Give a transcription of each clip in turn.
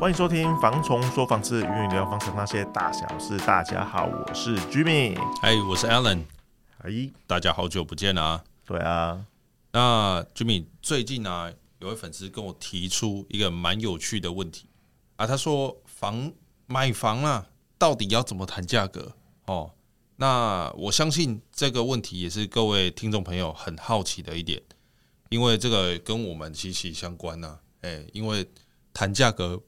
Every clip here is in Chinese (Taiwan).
歡迎收聽《房蟲說房事》，與你聊房市那些大小事。大家好，我是 Jimmy，嗨，hey, 我是 Alan，哎，Hey. 大家好久不見了啊！對啊，那 Jimmy 最近呢、啊，有一位粉絲跟我提出一個蠻有趣的問題啊，他說房買房啊，到底要怎麼談價格？哦，那我相信這個問題也是各位聽眾朋友很好奇的一點，因為這個跟我們息息相關呢、啊。哎，因為談價格。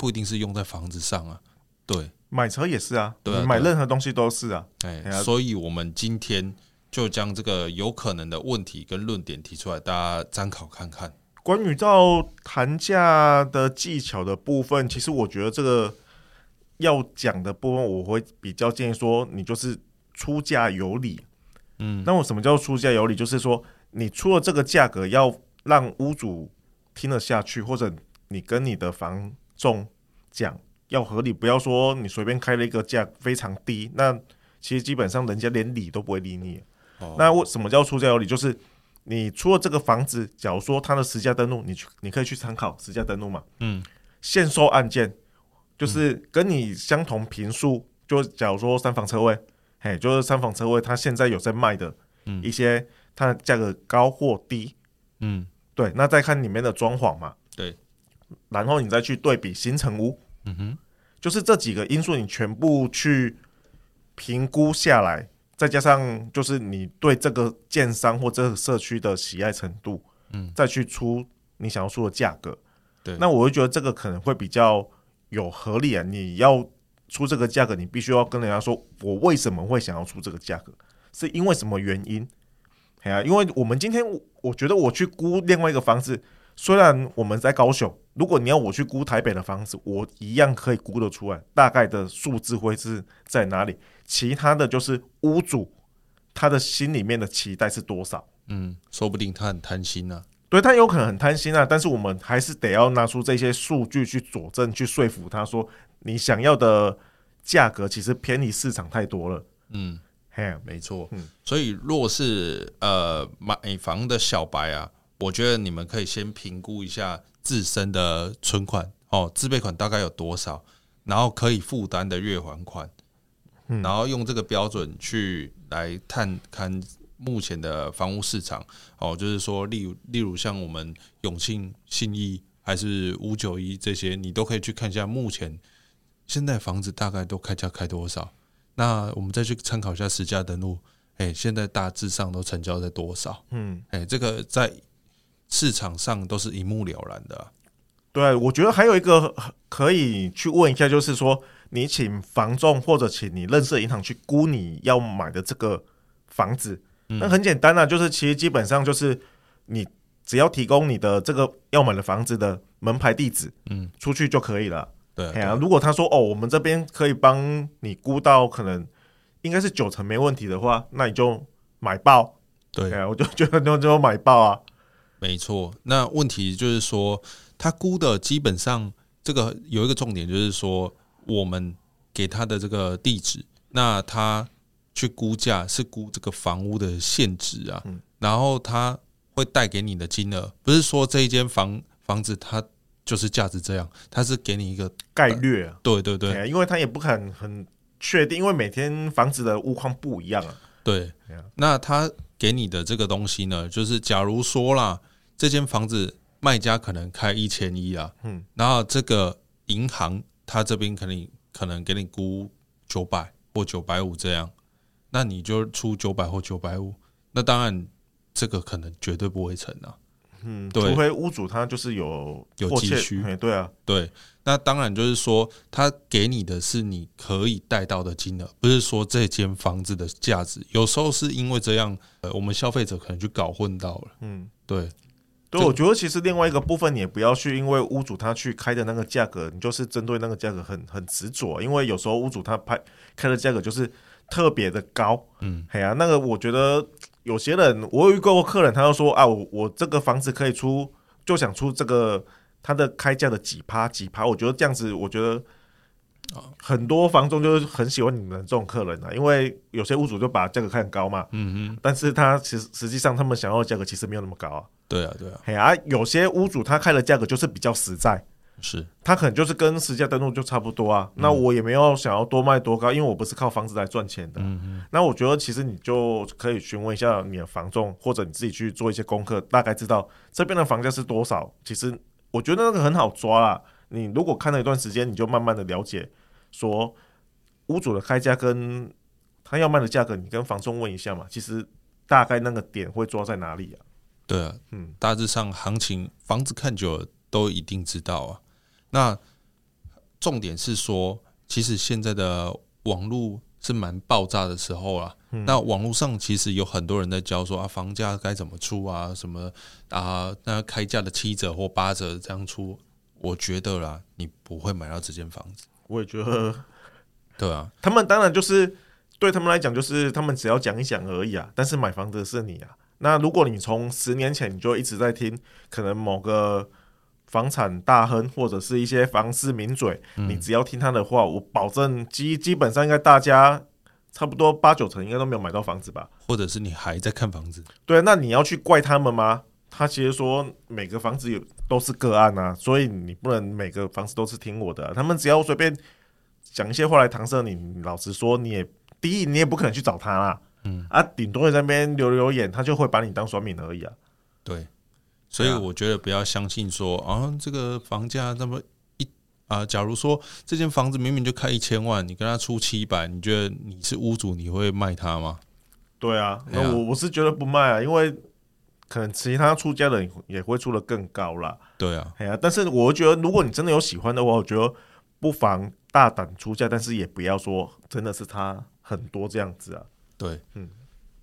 不一定是用在房子上啊，對，買車也是啊，對，啊對啊，你買任何東西都是啊，對、哎，啊、所以我們今天就將這個有可能的問題跟論點提出來，大家參考看看。關於到談價的技巧的部分，嗯、其實我覺得這個要講的部分，我會比較建議說，你就是出價有理，嗯，那我什麼叫出價有理？就是說你出了這個價格，要讓屋主聽得下去，或者你跟你的房。中獎要合理，不要說你隨便開了一個價非常低，那其實基本上人家連理都不會理你。哦、那為什麼叫出價有理？就是你出了這個房子，假如說它的實價登錄，你去你可以去參考實價登錄嘛。嗯，限售案件就是跟你相同坪數，嗯、就假如說三房車位，嘿，就是三房車位，它現在有在賣的，嗯，一些它的價格高或低，嗯，對。那再看裡面的裝潢嘛，對。然後你再去對比新成屋，嗯哼，就是這幾個因素你全部去評估下來，再加上就是你對這個建商或這個社區的喜愛程度，嗯，再去出你想要出的價格。對，那我會覺得這個可能會比較有合理啊。你要出這個價格，你必須要跟人家說，我為什麼會想要出這個價格，是因為什麼原因？嘿呀，因為我們今天，我覺得我去估另外一個方式。雖然我們在高雄，如果你要我去估台北的房子，我一樣可以估得出來大概的數字會是在哪裡。其他的，就是屋主他的心裡面的期待是多少？嗯，說不定他很貪心啊，對他有可能很貪心啊。但是我們還是得要拿出這些數據去佐證，去說服他說你想要的價格其實偏離市場太多了。嗯，嘿，沒錯，嗯，所以若是呃買房的小白啊。我覺得你們可以先評估一下自身的存款哦，自備款大概有多少，然後可以負擔的月還款，嗯、然後用這個標準去來探看目前的房屋市場哦，就是說，例如例如像我們永慶、信義還是五九一這些，你都可以去看一下目前現在房子大概都開價開多少。那我們再去參考一下實價登錄，誒、欸，現在大致上都成交在多少？嗯，誒、欸，這個在。市場上都是一目了然的、啊，對，我覺得還有一個可以去問一下，就是說你請房仲或者請你認識的銀行去估你要買的這個房子，那、嗯、很簡單啊，就是其實基本上就是你只要提供你的這個要買的房子的門牌地址，嗯，出去就可以了。嗯、對啊，啊對啊，如果他說哦，我們這邊可以幫你估到可能應該是九成沒問題的話，那你就買爆。對啊，我就覺得那就買爆啊。沒錯，那問題就是說，他估的基本上這個有一個重點，就是說我們給他的這個地址，那他去估價是估這個房屋的現值啊，嗯、然後他會帶給你的金額，不是說這一間房房子它就是價值這樣，他是給你一個概略啊，對對對，因為他也不肯很確定，因為每天房子的屋況不一樣啊，對，那他給你的這個東西呢，就是假如說啦。這間房子賣家可能開一千一啊，嗯，然後這個銀行他這邊可能可能給你估九百或九百五這樣，那你就出九百或九百五，那當然這個可能絕對不會成啊，嗯，對，除非屋主他就是有有急需，哎，對啊，對，那當然就是說他給你的是你可以貸到的金額，不是說這間房子的價值，有時候是因為這樣，呃，我們消費者可能就搞混到了，嗯，對。對，我覺得其實另外一個部分，你也不要去，因為屋主他去開的那個價格，你就是針對那個價格很很執着，因為有時候屋主他拍開的價格就是特別的高，嗯，嘿呀、啊，那個我覺得有些人，我有遇過客人，他就說啊，我我這個房子可以出，就想出這個他的開價的幾趴幾趴，我覺得這樣子，我覺得。很多房仲，就是很喜歡你們這種客人啊，因為有些屋主就把價格開很高嘛，嗯嗯哼，但是他其實實際上他們想要的價格其實沒有那麼高。啊對啊，對啊對啊，嘿、hey, 啊，有些屋主他開的價格就是比較實在，是他可能就是跟實價登錄就差不多啊，嗯、那我也沒有想要多賣多高，因為我不是靠房子來賺錢的，嗯哼那我覺得其實你就可以詢問一下你的房仲，或者你自己去做一些功課，大概知道這邊的房價是多少，其實我覺得那個很好抓啦，你如果看了一段時間，你就慢慢的了解。說屋主的開價跟他要賣的價格，你跟房仲問一下嘛。其實大概那個點會抓在哪裡啊？對啊，嗯，大致上行情，房子看久了都一定知道啊。那重點是說，其實現在的網絡是蠻爆炸的時候啊。嗯，那網絡上其實有很多人在教說啊，房價該怎麼出啊？什麼啊？那開價的七折或八折這樣出，我覺得啦，你不會買到這間房子。我也覺得，對啊，他們當然就是對他們來講，就是他們只要講一講而已啊。但是買房子是你啊，那如果你從十年前你就一直在聽，可能某個房產大亨或者是一些房市名嘴，嗯、你只要聽他的話，我保證基基本上應該大家差不多八九成應該都沒有買到房子吧，或者是你還在看房子？對，那你要去怪他們嗎？他其實說每個房子有都是個案啊，所以你不能每個房子都是聽我的、啊。他們只要隨便講一些話來搪塞你，你老實說你也第一你也不可能去找他啦，嗯啊，頂多人在那邊留留言，他就會把你當酸民而已啊。對，所以我覺得不要相信說啊，啊這個房價那麼一啊，假如說這間房子明明就開一千萬，你跟他出七百，你覺得你是屋主你會賣他嗎？對啊，那我、啊、我是覺得不賣啊，因為。可能其他出價的也會出的更高啦，對啊，哎呀，但是我覺得如果你真的有喜歡的話，嗯、我覺得不妨大膽出價，但是也不要說真的是差很多這樣子啊。對，嗯，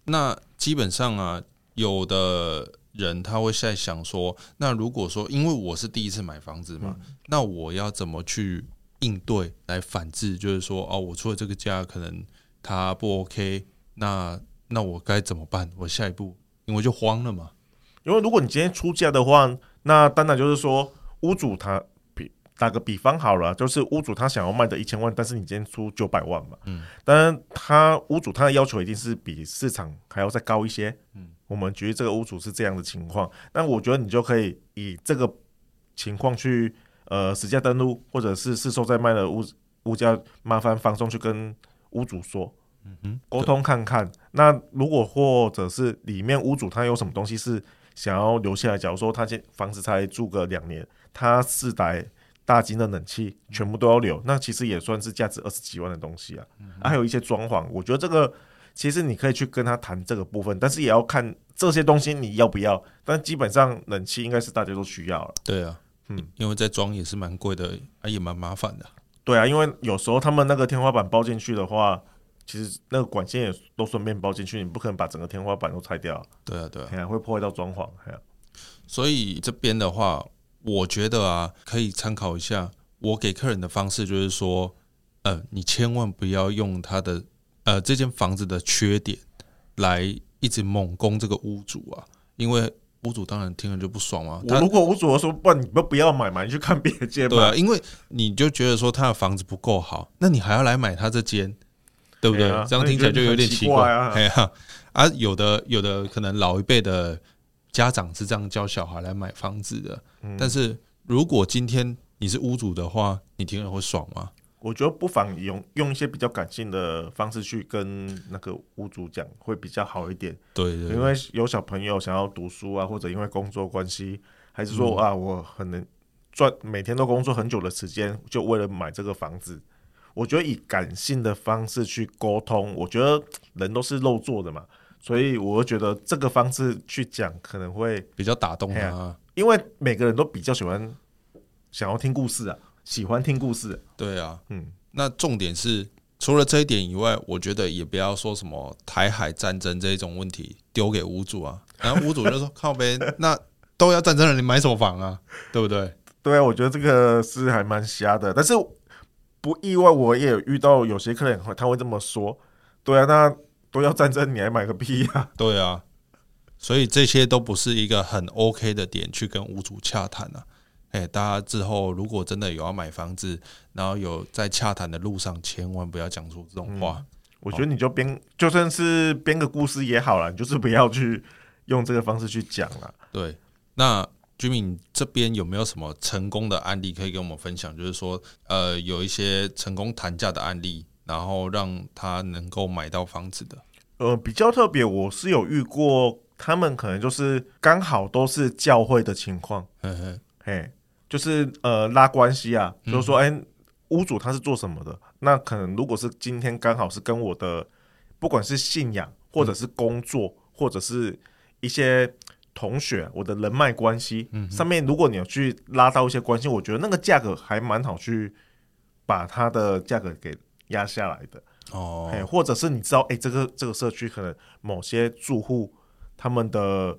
那基本上啊，有的人他會現在想說，那如果說因為我是第一次買房子嘛，嗯、那我要怎麼去應對來反制？就是說，哦，我出了這個價可能他不 OK，那那我該怎麼辦？我下一步因為就慌了嘛。因為如果你今天出價的話，那當然就是說屋主他比打個比方好了，就是屋主他想要賣的一千萬，但是你今天出九百萬嘛，嗯，當然他屋主他的要求一定是比市場還要再高一些，嗯，我們覺得這個屋主是這樣的情況，那我覺得你就可以以這個情況去，呃，實價登錄，或者是市售在賣的屋屋價，麻煩房仲去跟屋主說，嗯哼，溝通看看。那如果或者是裡面屋主他有什麼東西是。想要留下來，假如說他這房子才住個兩年，他四台大金的冷氣全部都要留，那其實也算是價值二十幾萬的東西啊。嗯、哼啊還有一些裝潢，我覺得這個其實你可以去跟他談這個部分，但是也要看這些東西你要不要。但基本上冷氣應該是大家都需要了。對啊，嗯，因為再裝，也是蠻貴的，啊也蠻麻煩的。對啊，因為有時候他們那個天花板包進去的話。其實那個管線也都順便包進去，你不可能把整個天花板都拆掉。對啊，對啊，對，啊，會破壞到裝潢。所以這邊的話，我覺得啊，可以參考一下我給客人的方式，就是說，呃，你千萬不要用他的呃這間房子的缺點來一直猛攻這個屋主啊，因為屋主當然聽了就不爽嘛、啊。如果屋主說不，你不不要買嘛，你去看別的街吧，對啊，因為你就覺得說他的房子不夠好，那你還要來買他這間？對不對？對啊，這樣聽起來就有點奇怪，哎啊，啊，有的有的，可能老一輩的家長是這樣教小孩來買房子的。嗯，但是如果今天你是屋主的話，你聽着會爽嗎？我覺得不妨用用一些比較感性的方式去跟那個屋主講，會比較好一點。對，對，因為有小朋友想要讀書啊，或者因為工作關係，還是說、嗯、啊，我很能賺，每天都工作很久的時間，就為了買這個房子。我覺得以感性的方式去溝通，我覺得人都是肉做的嘛，所以我覺得這個方式去講可能會比較打動他、啊，因為每個人都比較喜歡想要聽故事啊，喜歡聽故事、啊。對啊，嗯，那重點是除了這一點以外，我覺得也不要說什麼台海戰爭這一種問題丟給屋主啊，然後屋主就說 靠北，那都要戰爭了，你買什麼房啊？對不對？對啊，我覺得這個是還蠻瞎的，但是。不意外，我也遇到有些客人會，他會這麼說，對啊，那都要戰爭，你還買個屁呀、啊？對啊，所以這些都不是一個很 OK 的點去跟屋主洽談啊。哎，大家之後如果真的有要買房子，然後有在洽談的路上，千萬不要講出這種話、嗯。我覺得你就編，哦、就算是編個故事也好了，你就是不要去用這個方式去講了。對，那。居民這邊有沒有什麼成功的案例可以跟我們分享？就是說，呃，有一些成功談價的案例，然後讓他能夠買到房子的。呃，比較特別，我是有遇過，他們可能就是剛好都是教會的情況。嗯嗯嘿，嘿，就是呃拉關係啊，嗯、就是說，哎、欸，屋主他是做什麼的？那可能如果是今天剛好是跟我的，不管是信仰，或者是工作，嗯、或者是一些。同學，我的人脈關係，嗯，上面如果你要去拉到一些關係，嗯、哼我覺得那個價格還蠻好去把它的價格給壓下來的哦，Hey, 或者是你知道，誒、欸，這個這個社區可能某些住戶他們的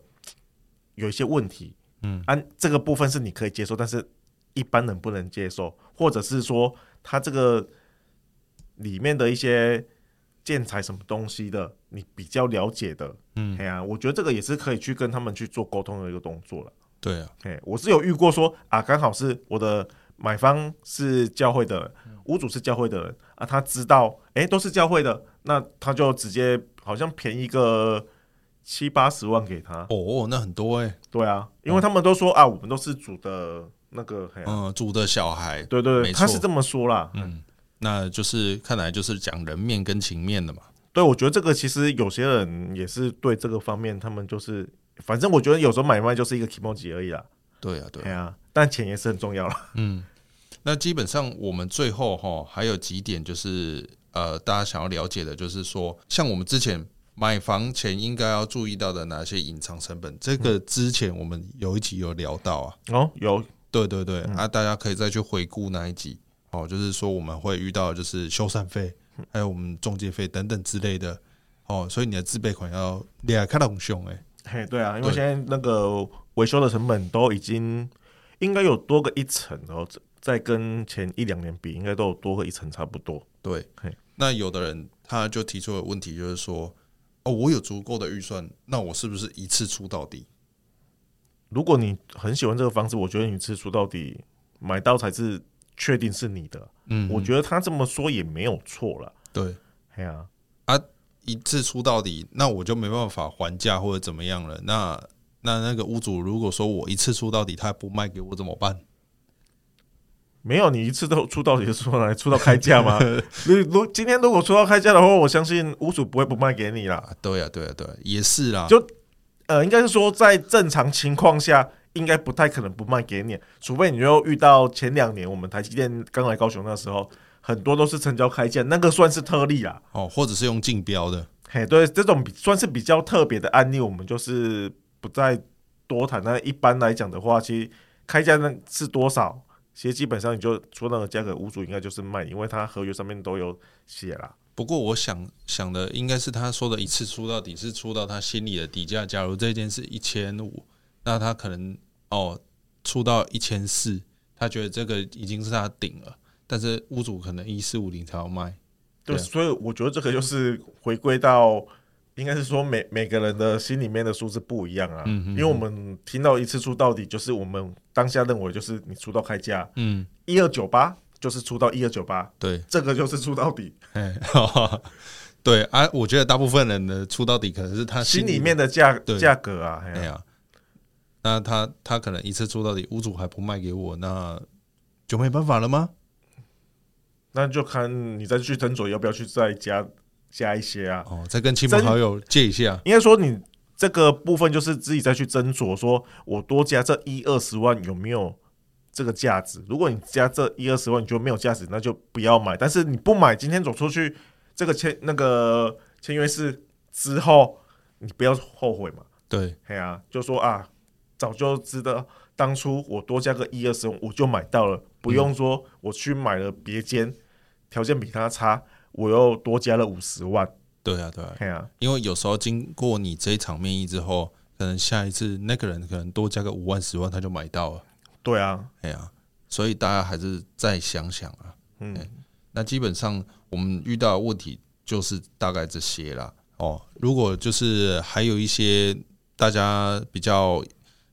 有一些問題，嗯，按、啊、這個部分是你可以接受，但是一般人不能接受，或者是說它這個裡面的一些建材什麼東西的，你比較了解的。嗯，呀、啊，我覺得這個也是可以去跟他們去做溝通的一個動作了。對啊嘿，我是有遇過說啊，剛好是我的買方是教會的，嗯、屋主是教會的啊，他知道，哎，都是教會的，那他就直接好像便宜個七八十萬給他。哦，哦，那很多哎、欸。對啊，因為他們都說、嗯、啊，我們都是主的那個，嘿啊、嗯，主的小孩。對對對，沒錯，他是這麼說啦。嗯，嗯，那就是看來就是講人面跟情面的嘛。所以我覺得這個其實有些人也是對這個方面，他們就是反正我覺得有時候買賣就是一個 kimochi 而已啦。對啊，對啊，對啊，但錢也是很重要了。嗯，那基本上我們最後哈還有幾點就是呃大家想要了解的，就是說像我們之前買房前應該要注意到的哪些隱藏成本，這個之前我們有一集有聊到啊。哦、嗯，有，對對對，嗯、啊，大家可以再去回顧那一集哦，就是說我們會遇到就是修繕費。還有我們中介費等等之類的哦，所以你的自備款要厲害，看到很凶，哎嘿，對啊，對，因為現在那個維修的成本都已經應該有多個一成，然後再跟前一兩年比，應該都有多個一成差不多。對，嘿那有的人他就提出了問題，就是說哦，我有足夠的預算，那我是不是一次出到底？如果你很喜歡這個房子，我覺得你一次出到底買到才是。確定是你的，嗯哼，我覺得他這麼說也沒有錯了。對，哎呀、啊，啊，一次出到底，那我就沒辦法還價或者怎麼樣了。那那那個屋主，如果說我一次出到底，他不賣給我怎麼辦？沒有，你一次都出到底的出來，出到開價嗎？ 如如今天如果出到開價的話，我相信屋主不會不賣給你了、啊。對呀、啊，對呀、啊，對、啊，也是啦。就呃，應該是說在正常情況下。應該不太可能不賣給你，除非你又遇到前兩年我們台積電剛來高雄的時候，很多都是成交開價，那個算是特例啊，哦，或者是用競標的。嘿，對，這種算是比較特別的案例，我們就是不再多談。那一般來講的話，其實開價呢是多少？其實基本上你就出那個價格，屋主應該就是賣，因為他合約上面都有寫了。不過我想想的應該是他說的一次出到底，是出到他心裡的底價。假如這件是一千五，那他可能。哦，出到一千四，他覺得這個已經是他頂了，但是屋主可能一四五零才要賣。對，啊、對，所以我覺得這個就是回歸到，應該是說每每個人的心裡面的數字不一樣啊。嗯、哼哼因為我們聽到一次出到底，就是我們當下認為就是你出到開價，嗯，一二九八就是出到一二九八，對，這個就是出到底。 對啊，我覺得大部分人的出到底可能是他心裡的，心裡面的價價對格啊，哎呀、啊。對啊那他他可能一次做到底，屋主還不賣給我，那就沒辦法了嗎？那就看你再去斟酌要不要去再加加一些啊。哦，再跟親朋好友真借一下。應該說你這個部分就是自己再去斟酌，說我多加這一二十萬有沒有這個價值？如果你加這一二十萬你覺得沒有價值，那就不要買。但是你不買，今天走出去這個簽那個簽約是之後，你不要後悔嘛？對，哎呀、啊，就說啊。早就知道，當初我多加個一二十萬，我就買到了，不用說我去買了別間，嗯，條件比他差，我又多加了五十萬。對啊，對，啊，啊，因為有時候經過你這一場面議之後，可能下一次那個人可能多加個五萬十萬他就買到了。對啊，哎呀、啊，所以大家還是再想想啊。嗯，那基本上我們遇到的問題就是大概這些啦。哦，如果就是還有一些大家比較。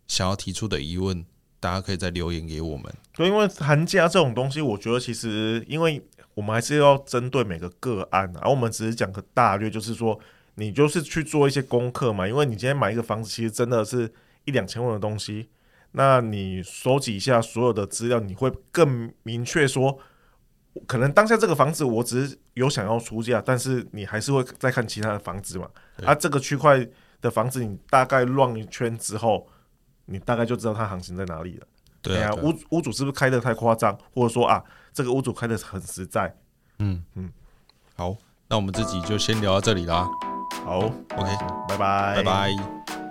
想要提出的疑問，大家可以再留言給我們。對，因為談價這種東西，我覺得其實因為我們還是要針對每個個案、啊，而我們只是講個大略，就是說你就是去做一些功課嘛。因為你今天買一個房子，其實真的是一兩千萬的東西，那你收集一下所有的資料，你會更明確說，可能當下這個房子我只是有想要出價，但是你還是會再看其他的房子嘛。而對、啊、這個區塊的房子，你大概亂一圈之後。你大概就知道它行情在哪裡了。對啊，屋、啊啊、屋主是不是開得太誇張？或者說啊，這個屋主開得很實在。嗯嗯，好，那我們自己就先聊到這裡啦。好，OK，拜拜，拜拜。